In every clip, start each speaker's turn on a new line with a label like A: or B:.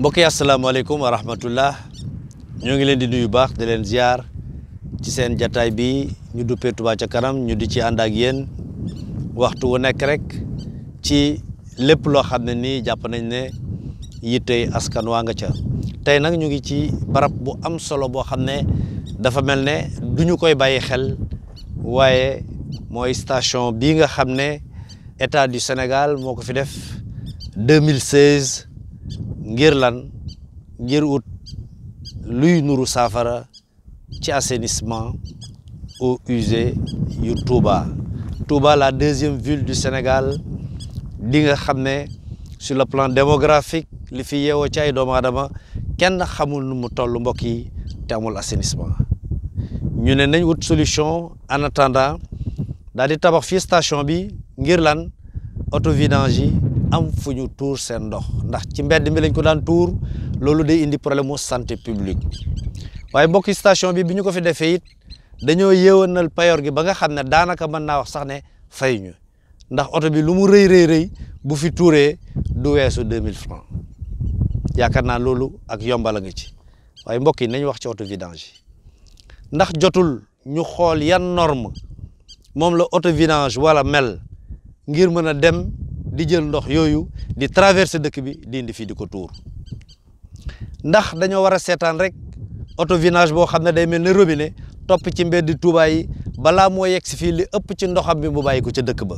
A: mbokk yi asalaamaaleykum wa ñoo ngi leen di nuyu baax di leen ziar ci seen jataay bi ñu duppee Touba ca kanam ñu di ci ànd ak yéen waxtu wu nekk rek ci lépp loo xam ne nii jàpp nañ ne yittey askan waa nga ca tey nag ñu ngi ci barab bu am solo boo xam ne dafa mel ne du ñu koy bàyyi xel waaye mooy station bi nga xam ne état du Sénégal moo ko fi def 2016 ngir lan ngir ut luy nuru saafara ci assainissement eaux usées yu Touba Touba la deuxième ville du Sénégal di nga xam ne sur le plan démographique li fi yeewoo ci ay doomu aadama kenn xamul nu mu toll mbokk yi te amul assainissement ñu ne nañ wut solution en attendant daal di tabax fii station bi ngir lan auto vidange yi am fu ñu tuur seen ndox ndax ci mbedd mi lañ ko daan tuur loolu day indi problème mu santé publique waaye mbokki station bi bi ñu ko fi defee it dañoo yéewanal payoor gi ba nga xam ne daanaka mën naa wax sax ne fay ñu ndax oto bi lu mu rëy rëy rëy bu fi tuuree du weesu mille francs yaakaar naa loolu ak yombala a nga ci waaye mbokk yi nañ wax ci auto vidange ndax jotul ñu xool yan norme moom la auto vidange wala mel ngir mën a dem di jël ndox yooyu di traversé dëkk bi di indi fii di ko tuur ndax dañoo war a seetaan rek auto vinage boo xam ne day mel ni robinet topp ci mbedd Touba yi balaa moo yegg si fii li ëpp ci ndoxam bi mu bàyyi ko ca dëkk ba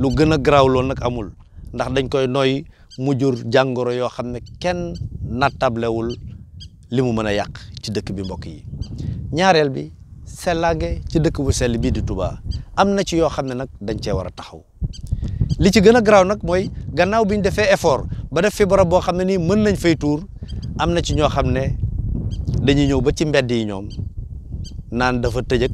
A: lu gën a garaaw nag amul ndax dañ koy noy mu jur jàngoro yoo xam ne kenn nattablewul li mu mën a yàq ci dëkk bi mbokk yi ñaareel bi sellange ci dëkk bu sell bii di Touba am na ci yoo xam ne nag dañ cee war a taxaw li ci gën a garaaw nag mooy gannaaw bi ñu defee effort ba def fi barab boo xam ne ni mën nañ fay tuur am na ci ñoo xam ne dañuy ñëw ba ci mbedd yi ñoom naan dafa tëjëg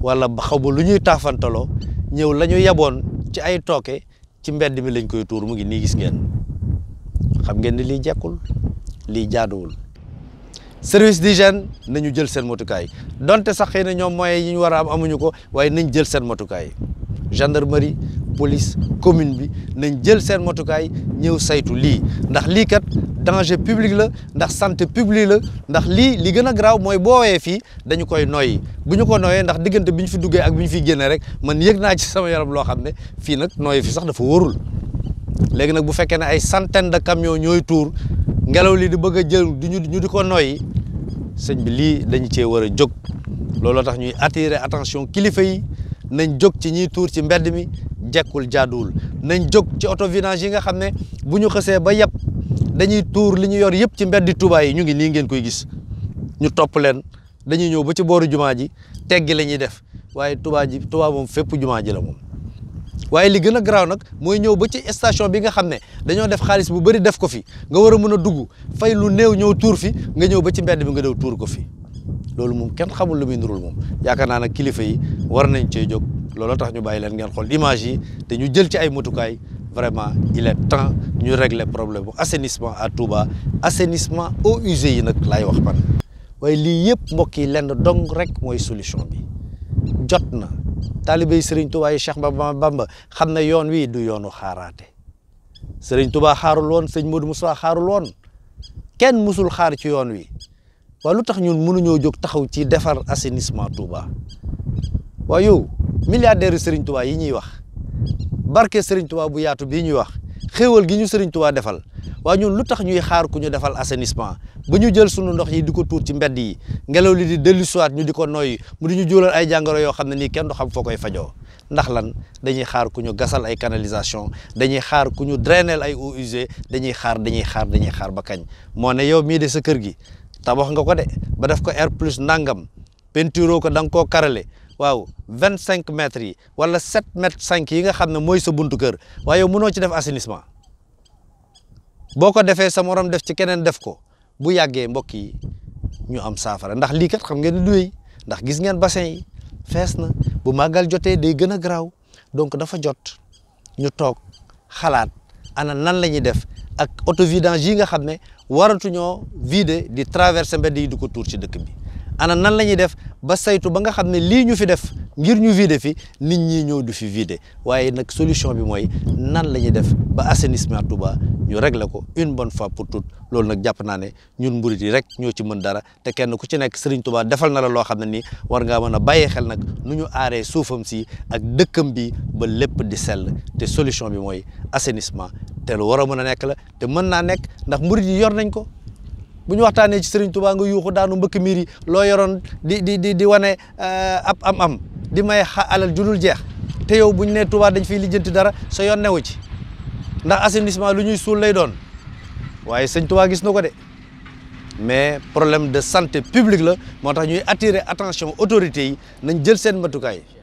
A: walla xaw ba lu ñuy taafantaloo ñëw lañu ñu yaboon ci ay tooke ci mbedd mi lañ koy tuur mu ngi nii gis ngeen xam ngeen ni lii jekkul lii jaaduwul service d'hygiène nañu jël seen motukaay donte sax xëy na ñoom mooy yi ñu war a am amuñu ko waaye nañ jël seen motukaay gendarmerie police commune bi nañ jël seen motukaay ñëw saytu lii ndax lii kat danger public la ndax santé publique la ndax lii li gën a garaaw mooy boo woowee fii dañu koy noyyi bu ñu ko noyyee ndax diggante bi ñu fi duggee ak bi ñu fiy génnee rek man yëg naa ci sama yaram loo xam ne fii nag noyyi fi sax dafa wóorul léegi nag bu fekkee ne ay centaine de camions ñooy tuur ngelaw li di bëgg a jël du ñu di ko noyyi sëñ bi lii dañu cee war a jóg looloo tax ñuy attirer attention kilifa yi nañ jóg ci ñiy tuur ci mbedd mi jekkul jaaduwul nañ jóg ci auto vidange yi nga xam ne bu ñu xësee ba yëpp dañuy tuur li ñu yor yëpp ci mbeddi tubaay yi ñu ngi nii ngeen koy gis ñu topp leen dañuy ñëw ba ci booru jumaa ji teggi la ñuy def waaye Touba ji Touba moom fépp jumaa ji la moom waaye li gën a garaaw nag mooy ñëw ba ci station bi nga xam ne dañoo def xaalis bu bëri def ko fi nga war a mun a dugg fay lu néew ñëw tuur fi nga ñëw ba ci mbedd bi nga dew tuur ko fi loolu moom kenn xamul la muy nurul moom yaakaar naa nag kilifa yi war nañ cee jóg looloo tax ñu bàyyi leen ngeen xool image yi te ñu jël ci ay mutukaay vraiment il est temps ñu régler problème bu assainissement à Touba assainissement eaux usées yi nag laay wax man waaye lii yëpp mbokk yi lenn dong rek mooy solution bi jot na taalibe yi Serigne Touba yi Cheikh Bamba Bamba xam na yoon wi du yoonu xaaraate Serigne Touba xaarul woon sëñ Modou Moussa xaarul woon kenn musul xaar ci yoon wi waaye lu tax ñun mënuñoo jóg taxaw ci defar assainissement Touba waaye yow milliardaire Serigne Touba yi ñuy wax barke Serigne Touba bu yaatu bii ñuy wax xéewal gi ñu Serigne defal waa ñun lu tax ñuy xaar ku ñu defal assainissement ba ñu jël sunu ndox yi di ko tuur ci mbedd yi ngelaw li di dellu siwaat ñu di ko noyyi mu di ñu jural ay jàngoro yoo xam ne nii kenn du xam foo koy fajoo ndax lan dañuy xaar ku ñu gasal ay canalisation dañuy xaar ku ñu drainel ay eaux dañuy xaar dañuy xaar dañuy xaar ba kañ moo ne yow mii de sa kër gi tabax nga ko de ba def ko air plus nangam ko da nga koo waaw vingt cinq mètres yi wala sept mètres cinq yi nga xam ne mooy sa buntu kër waaye mënoo ci def assainissement boo ko defee sa morom def ci keneen def ko bu yàggee mbokk yi ñu am saafara ndax lii kat xam ngeen ni ndax gis ngeen bassin yi fees na bu màggal jotee day gën a garaaw donc dafa jot ñu toog xalaat ana nan la ñuy def ak autovidange yi nga xam ne waratuñoo vider di traverser sembe yi di ko tuur ci dëkk bi. ana nan la ñuy def ba saytu ba nga xam ne lii ñu fi def ngir ñu vider fi nit ñi ñëw du fi vider waaye nag solution bi mooy nan la ñuy def ba assainissement Touba ñu regle ko une bon fois pour toutes loolu nag jàpp naa ne ñun mburit yi rek ñoo ci mën dara te kenn ku ci nekk Serigne Touba defal na la loo xam ne nii war ngaa mën a bàyyi xel nag nu ñu aaree suufam si ak dëkkam bi ba lépp di sell te solution bi mooy assainissement te lu war a mën a nekk la te mën naa nekk ndax mburit yi yor nañ ko. bu ñu waxtaanee ci Serigne Touba nga yuuxu daanu mbëkk miiri loo yoroon di di di di wane euh, ab am-am di may alal ju jeex te yow bu ñu nee Touba dañ fiy lijjanti dara sa yoon newu ci ndax assainissement lu ñuy suul lay doon waaye sëñ Touba gis na ko de mais problème de santé publique la moo tax ñuy attire attention autorités yi nañ jël seen matukaay.